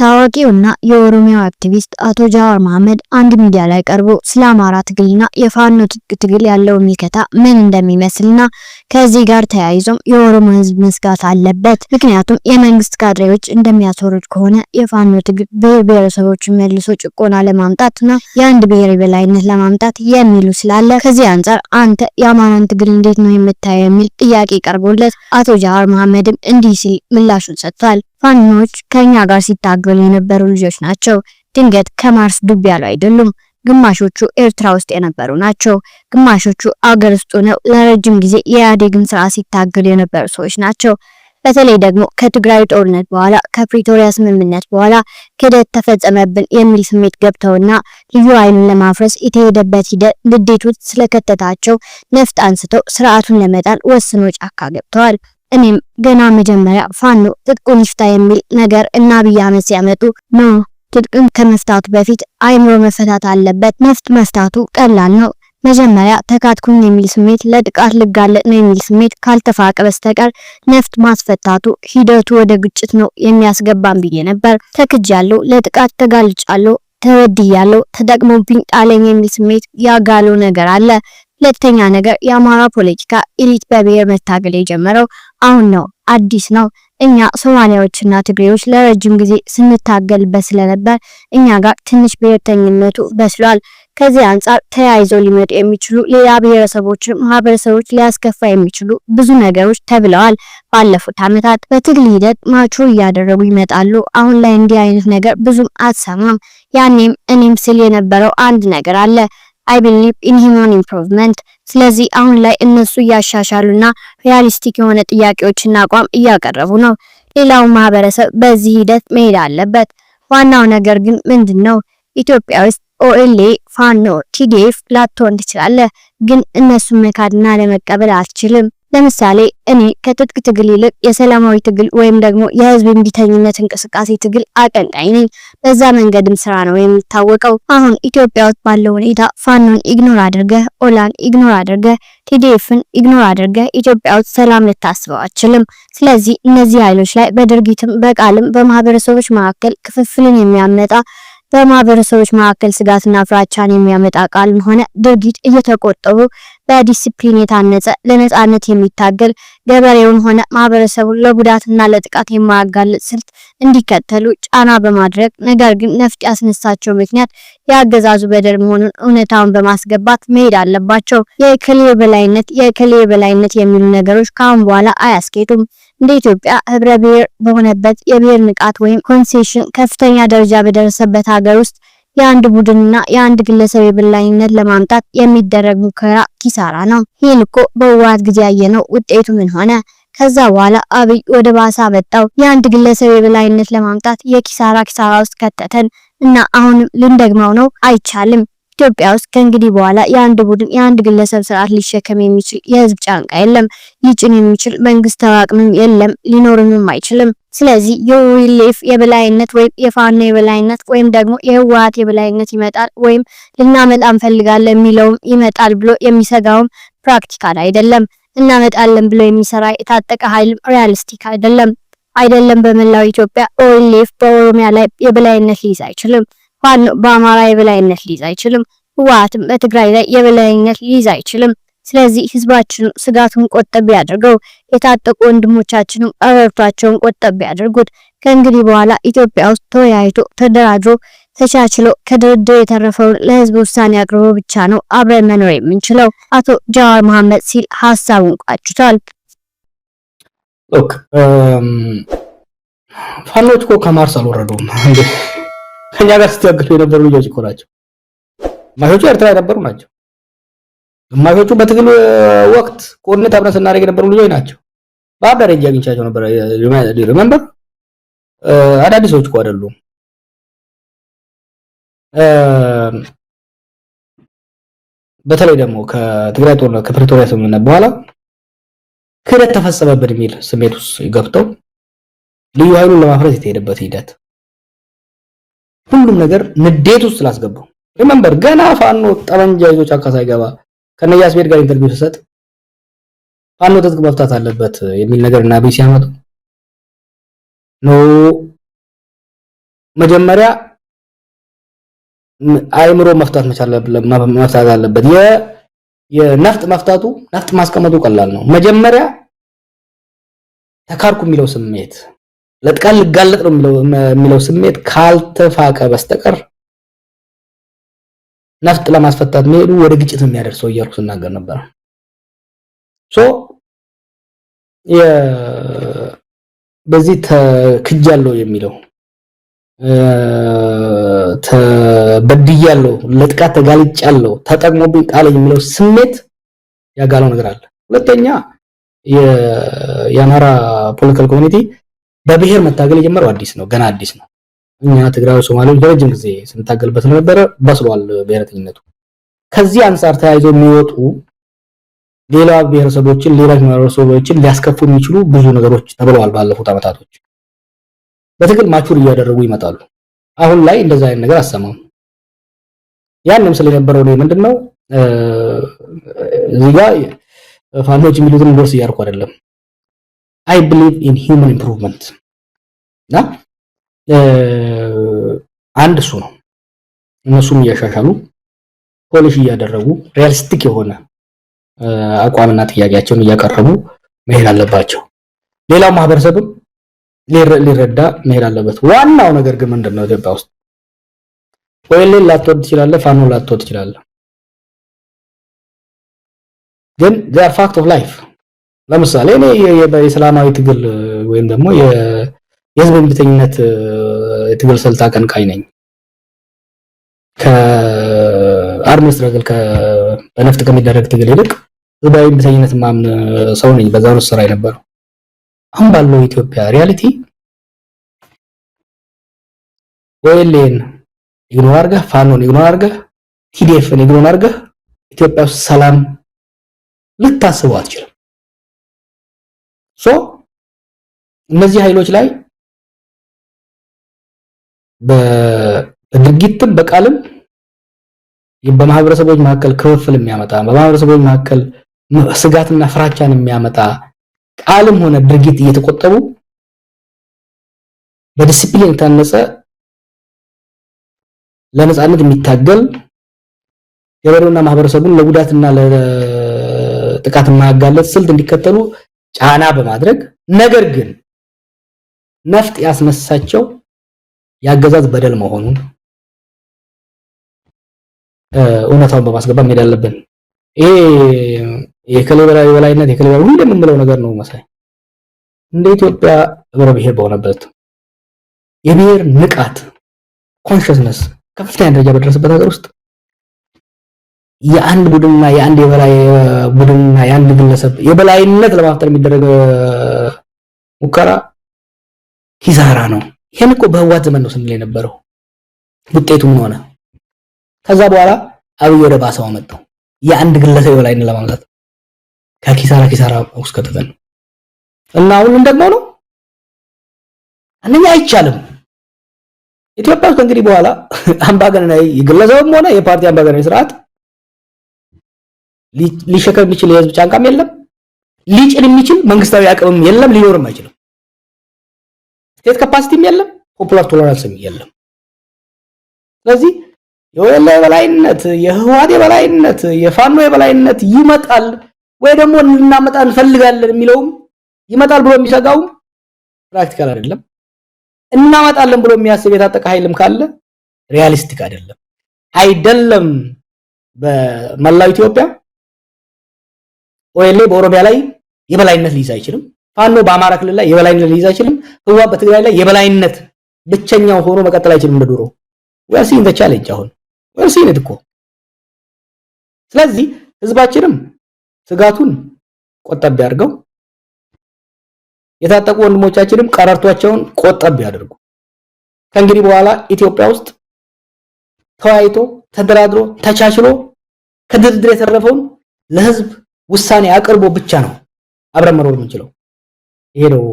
ታዋቂውና የኦሮሚያው አክቲቪስት አቶ ጃዋር መሐመድ አንድ ሚዲያ ላይ ቀርቦ ስለ አማራ ትግልና የፋኖ ትግል ያለው ሚከታ ምን እንደሚመስልና ከዚህ ጋር ተያይዞም የኦሮሞ ሕዝብ መስጋት አለበት፣ ምክንያቱም የመንግስት ካድሬዎች እንደሚያስወርድ ከሆነ የፋኖ ትግል ብሔር ብሔረሰቦችን መልሶ ጭቆና ለማምጣትና የአንድ ብሔር የበላይነት ለማምጣት የሚሉ ስላለ ከዚህ አንጻር አንተ የአማራን ትግል እንዴት ነው የምታየው የሚል ጥያቄ ቀርቦለት አቶ ጃዋር መሐመድም እንዲህ ሲል ምላሹን ሰጥቷል። ፋኖች ከኛ ጋር ሲታገሉ የነበሩ ልጆች ናቸው። ድንገት ከማርስ ዱብ ያሉ አይደሉም። ግማሾቹ ኤርትራ ውስጥ የነበሩ ናቸው። ግማሾቹ አገር ውስጥ ሆነው ለረጅም ጊዜ የኢህአዴግን ስራ ሲታገሉ የነበሩ ሰዎች ናቸው። በተለይ ደግሞ ከትግራይ ጦርነት በኋላ ከፕሪቶሪያ ስምምነት በኋላ ክህደት ተፈጸመብን የሚል ስሜት ገብተውና ልዩ ኃይሉን ለማፍረስ የተሄደበት ሂደት ንዴት ውስጥ ስለከተታቸው ነፍጥ አንስተው ስርዓቱን ለመጣል ወስኖ ጫካ ገብተዋል። እኔም ገና መጀመሪያ ፋኖ ትጥቁን ይፍታ የሚል ነገር እና አብይ ሲያመጡ ነው። ትጥቅም ከመፍታቱ በፊት አይምሮ መፈታት አለበት። ነፍጥ መፍታቱ ቀላል ነው። መጀመሪያ ተካትኩኝ የሚል ስሜት፣ ለጥቃት ልጋለጥ ነው የሚል ስሜት ካልተፋቀ በስተቀር ነፍጥ ማስፈታቱ ሂደቱ ወደ ግጭት ነው የሚያስገባን ብዬ ነበር። ተክጃለሁ፣ ለጥቃት ተጋልጫለሁ፣ ተወድያለሁ፣ ተጠቅሞብኝ ጣለኝ የሚል ስሜት ያጋለው ነገር አለ። ሁለተኛ ነገር የአማራ ፖለቲካ ኢሊት በብሔር መታገል የጀመረው አሁን ነው፣ አዲስ ነው። እኛ ሶማሊያዎችና ትግሬዎች ለረጅም ጊዜ ስንታገልበት ስለነበር እኛ ጋር ትንሽ ብሔርተኝነቱ በስሏል። ከዚህ አንጻር ተያይዘው ሊመጡ የሚችሉ ሌላ ብሔረሰቦች፣ ማህበረሰቦች ሊያስከፋ የሚችሉ ብዙ ነገሮች ተብለዋል። ባለፉት ዓመታት በትግል ሂደት ማቹ እያደረጉ ይመጣሉ። አሁን ላይ እንዲህ አይነት ነገር ብዙም አትሰማም። ያኔም እኔም ስል የነበረው አንድ ነገር አለ አይ ቢሊቭ ኢን ሂውማን ኢምፕሩቭመንት። ስለዚህ አሁን ላይ እነሱ እያሻሻሉና ሪያሊስቲክ የሆነ ጥያቄዎችና አቋም እያቀረቡ ነው። ሌላው ማህበረሰብ በዚህ ሂደት መሄድ አለበት። ዋናው ነገር ግን ምንድን ነው? ኢትዮጵያ ውስጥ ኦኤልኤ፣ ፋኖ፣ ቲዲኤፍ ላትሆን ትችላለህ፣ ግን እነሱን መካድና ለመቀበል አትችልም? ለምሳሌ እኔ ከትጥቅ ትግል ይልቅ የሰላማዊ ትግል ወይም ደግሞ የህዝብ እምቢተኝነት እንቅስቃሴ ትግል አቀንቃኝ ነኝ። በዛ መንገድም ስራ ነው የምታወቀው። አሁን ኢትዮጵያ ውስጥ ባለው ሁኔታ ፋኖን ኢግኖር አድርገ ኦላን ኢግኖር አድርገ ቲዲኤፍን ኢግኖር አድርገ ኢትዮጵያ ውስጥ ሰላም ልታስበው አችልም። ስለዚህ እነዚህ ኃይሎች ላይ በድርጊትም በቃልም በማህበረሰቦች መካከል ክፍፍልን የሚያመጣ በማህበረሰቦች መካከል ስጋትና ፍራቻን የሚያመጣ ቃልም ሆነ ድርጊት እየተቆጠቡ በዲሲፕሊን የታነጸ ለነጻነት የሚታገል ገበሬውን ሆነ ማህበረሰቡን ለጉዳትና ለጥቃት የማያጋልጥ ስልት እንዲከተሉ ጫና በማድረግ ነገር ግን ነፍጥ ያስነሳቸው ምክንያት የአገዛዙ በደል መሆኑን እውነታውን በማስገባት መሄድ አለባቸው። የክሌ በላይነት የእከሌ በላይነት የሚሉ ነገሮች ከአሁን በኋላ አያስኬዱም። እንደ ኢትዮጵያ ህብረ ብሔር በሆነበት የብሔር ንቃት ወይም ኮንሴሽን ከፍተኛ ደረጃ በደረሰበት ሀገር ውስጥ የአንድ ቡድንና የአንድ ግለሰብ የበላይነት ለማምጣት የሚደረግ ሙከራ ኪሳራ ነው። ይህን እኮ በህወሓት ጊዜ ያየነው ውጤቱ ምን ሆነ? ከዛ በኋላ አብይ ወደ ባሳ በጣው የአንድ ግለሰብ የበላይነት ለማምጣት የኪሳራ ኪሳራ ውስጥ ከተተን እና አሁንም ልንደግመው ነው። አይቻልም። ኢትዮጵያ ውስጥ ከእንግዲህ በኋላ የአንድ ቡድን የአንድ ግለሰብ ስርዓት ሊሸከም የሚችል የህዝብ ጫንቃ የለም። ሊጭን የሚችል መንግስታዊ አቅምም የለም፣ ሊኖርምም አይችልም። ስለዚህ የዊሌፍ የበላይነት ወይም የፋኖ የበላይነት ወይም ደግሞ የህወሀት የበላይነት ይመጣል ወይም ልናመጣ እንፈልጋለን የሚለውም ይመጣል ብሎ የሚሰጋውም ፕራክቲካል አይደለም። እናመጣለን ብሎ የሚሰራ የታጠቀ ኃይልም ሪያሊስቲክ አይደለም አይደለም። በመላው ኢትዮጵያ ኦኤልኤፍ በኦሮሚያ ላይ የበላይነት ሊይዝ አይችልም። ፋኖ በአማራ የበላይነት ሊይዝ አይችልም። ህወሓትም በትግራይ ላይ የበላይነት ሊይዝ አይችልም። ስለዚህ ህዝባችን ስጋቱን ቆጠብ ያድርገው። የታጠቁ ወንድሞቻችንም ቀረርቷቸውን ቆጠብ ያድርጉት። ከእንግዲህ በኋላ ኢትዮጵያ ውስጥ ተወያይቶ ተደራድሮ ተቻችሎ ከድርድር የተረፈውን ለህዝብ ውሳኔ አቅርቦ ብቻ ነው አብረን መኖር የምንችለው። አቶ ጀዋር መሐመድ ሲል ሀሳቡን ቋጭቷል። ፋኖች እኮ ከማርስ አልወረዱም። ከኛ ጋር ሲታገሉ የነበሩ ልጆች እኮ ናቸው። ግማሾቹ ኤርትራ የነበሩ ናቸው። ግማሾቹ በትግል ወቅት ቁርነት አብረን ስናደርግ የነበሩ ልጆች ናቸው። ባህር ዳር ሄጄ አግኝቻቸው ነበር። ሪመምበር ሰዎች እኮ አይደሉም። በተለይ ደግሞ ከትግራይ ጦርነት ከፕሪቶሪያ ስምምነት በኋላ ክህደት ተፈጸመብን የሚል ስሜት ውስጥ ገብተው ልዩ ኃይሉን ለማፍረስ የተሄደበት ሂደት ሁሉም ነገር ንዴት ውስጥ ላስገባው ሪመምበር ገና ፋኖ ጠመንጃ ይዞ ጫካ ሳይገባ ከነያስ አስቤድ ጋር ኢንተርቪው ሲሰጥ ፋኖ ትጥቅ መፍታት አለበት የሚል ነገር እና ቢሲ ሲያመጡ ኖ መጀመሪያ አይምሮ መፍታት መቻል መፍታት አለበት። የነፍጥ መፍታቱ ነፍጥ ማስቀመጡ ቀላል ነው። መጀመሪያ ተካርኩ የሚለው ስሜት ለጥቃት ልጋለጥ ነው የሚለው ስሜት ካልተፋቀ በስተቀር ነፍጥ ለማስፈታት መሄዱ ወደ ግጭት የሚያደርሰው እያልኩ ስናገር ነበር። ሶ በዚህ ተክጃለሁ የሚለው ተበድያለሁ፣ ለጥቃት ተጋልጫለሁ፣ ተጠቅሞብኝ ጣለኝ የሚለው ስሜት ያጋለው ነገር አለ። ሁለተኛ የአማራ ፖለቲካል ኮሚኒቲ በብሔር መታገል የጀመረው አዲስ ነው፣ ገና አዲስ ነው። እኛ ትግራዊ ሶማሌዎች ለረጅም ጊዜ ስንታገልበት ነበረ፣ በስሏል ብሔረተኝነቱ። ከዚህ አንጻር ተያይዘው የሚወጡ ሌላ ብሔረሰቦችን ሌሎች ማህበረሰቦችን ሊያስከፉ የሚችሉ ብዙ ነገሮች ተብለዋል ባለፉት ዓመታቶች። በትግል ማቹር እያደረጉ ይመጣሉ። አሁን ላይ እንደዛ አይነት ነገር አሰማም። ያንም ስለነበረው ነው ምንድነው እዚህ ጋር ፋኖች የሚሉትን ዶርስ እያልኩ አይደለም አይ ብሊቭ ኢን ሂውመን ኢምፕሩቭመንት እና አንድ እሱ ነው። እነሱም እያሻሻሉ ፖሊሽ እያደረጉ ሪያሊስቲክ የሆነ አቋምና ጥያቄያቸውን እያቀረቡ መሄድ አለባቸው። ሌላው ማህበረሰብም ሊረዳ መሄድ አለበት። ዋናው ነገር ግን ምንድን ነው? ኢትዮጵያ ውስጥ ኦኤልኤን ላትወድ ትችላለህ፣ ፋኖ ላትወድ ትችላለህ፣ ግን ፋክት ኦፍ ላይፍ ለምሳሌ እኔ የሰላማዊ ትግል ወይም ደግሞ የህዝብ እምቢተኝነት የትግል ስልት አቀንቃኝ ነኝ። ከአርሚ ስትራግል በነፍጥ ከሚደረግ ትግል ይልቅ ህዝባዊ እምቢተኝነት ማምን ሰው ነኝ። በዛ ነው ስራ የነበረው። አሁን ባለው ኢትዮጵያ ሪያሊቲ ኦኤልኤን ኢግኖር አድርገህ ፋኖን ኢግኖር አድርገህ ቲዲኤፍን ኢግኖር አድርገህ ኢትዮጵያ ውስጥ ሰላም ልታስበው አትችልም። ሶ እነዚህ ኃይሎች ላይ በድርጊትም በቃልም በማህበረሰቦች መካከል ክፍፍል የሚያመጣ በማህበረሰቦች መካከል ስጋትና ፍራቻን የሚያመጣ ቃልም ሆነ ድርጊት እየተቆጠቡ በዲሲፕሊን የታነጸ ለነጻነት የሚታገል ገበሬውና ማህበረሰቡን ለጉዳትና ለጥቃት የማያጋለጥ ስልት እንዲከተሉ ጫና በማድረግ ነገር ግን ነፍጥ ያስነሳቸው ያገዛዝ በደል መሆኑን እውነታውን በማስገባት መሄድ አለብን። ይሄ የከሌበራዊ የበላይነት የከሌበራዊ ሁሉ የምንለው ነገር ነው። መሳይ እንደ ኢትዮጵያ ህብረ ብሔር በሆነበት የብሔር ንቃት ኮንሽስነስ ከፍተኛ ደረጃ በደረሰበት ሀገር ውስጥ የአንድ ቡድንና የአንድ የበላይ ቡድንና የአንድ ግለሰብ የበላይነት ለማፍጠር የሚደረግ ሙከራ ኪሳራ ነው። ይህን እኮ በህዋት ዘመን ነው ስንል የነበረው። ውጤቱ ምን ሆነ? ከዛ በኋላ አብይ ወደ ባሰው መጣው። የአንድ ግለሰብ የበላይነት ለማምጣት ከኪሳራ ኪሳራ ውስጥ ከተተን እና አሁን እንደግሞ ነው። አንደኛ አይቻልም። ኢትዮጵያ ውስጥ እንግዲህ በኋላ አምባገነናዊ የግለሰብም ሆነ የፓርቲ አምባገነናዊ ስርዓት ሊሸከም የሚችል የህዝብ ጫንቃም የለም፣ ሊጭን የሚችል መንግስታዊ አቅምም የለም፣ ሊኖርም አይችልም። ስቴት ካፓሲቲም የለም፣ ፖፑላር ቶለራንስም የለም። ስለዚህ የወለ የበላይነት፣ የህወሓት የበላይነት፣ የፋኖ የበላይነት ይመጣል ወይ ደግሞ እናመጣ እንፈልጋለን የሚለውም ይመጣል ብሎ የሚሰጋውም ፕራክቲካል አይደለም። እናመጣለን ብሎ የሚያስብ የታጠቀ ኃይልም ካለ ሪያሊስቲክ አይደለም አይደለም በመላው ኢትዮጵያ ኦኤልኤ በኦሮሚያ ላይ የበላይነት ሊይዝ አይችልም። ፋኖ በአማራ ክልል ላይ የበላይነት ሊይዝ አይችልም። ህዋ በትግራይ ላይ የበላይነት ብቸኛው ሆኖ መቀጠል አይችልም። እንደ ዶሮ ወርሲ ቻሌንጅ አሁን ወርሲ እኮ ስለዚህ ህዝባችንም ስጋቱን ቆጠብ ያድርገው። የታጠቁ ወንድሞቻችንም ቀረርቷቸውን ቆጠብ ያደርጉ ከእንግዲህ በኋላ ኢትዮጵያ ውስጥ ተወያይቶ ተደራድሮ ተቻችሎ ከድርድር የተረፈውን ለህዝብ ውሳኔ አቅርቦ ብቻ ነው አብረን መኖር የምንችለው። ይሄ ነው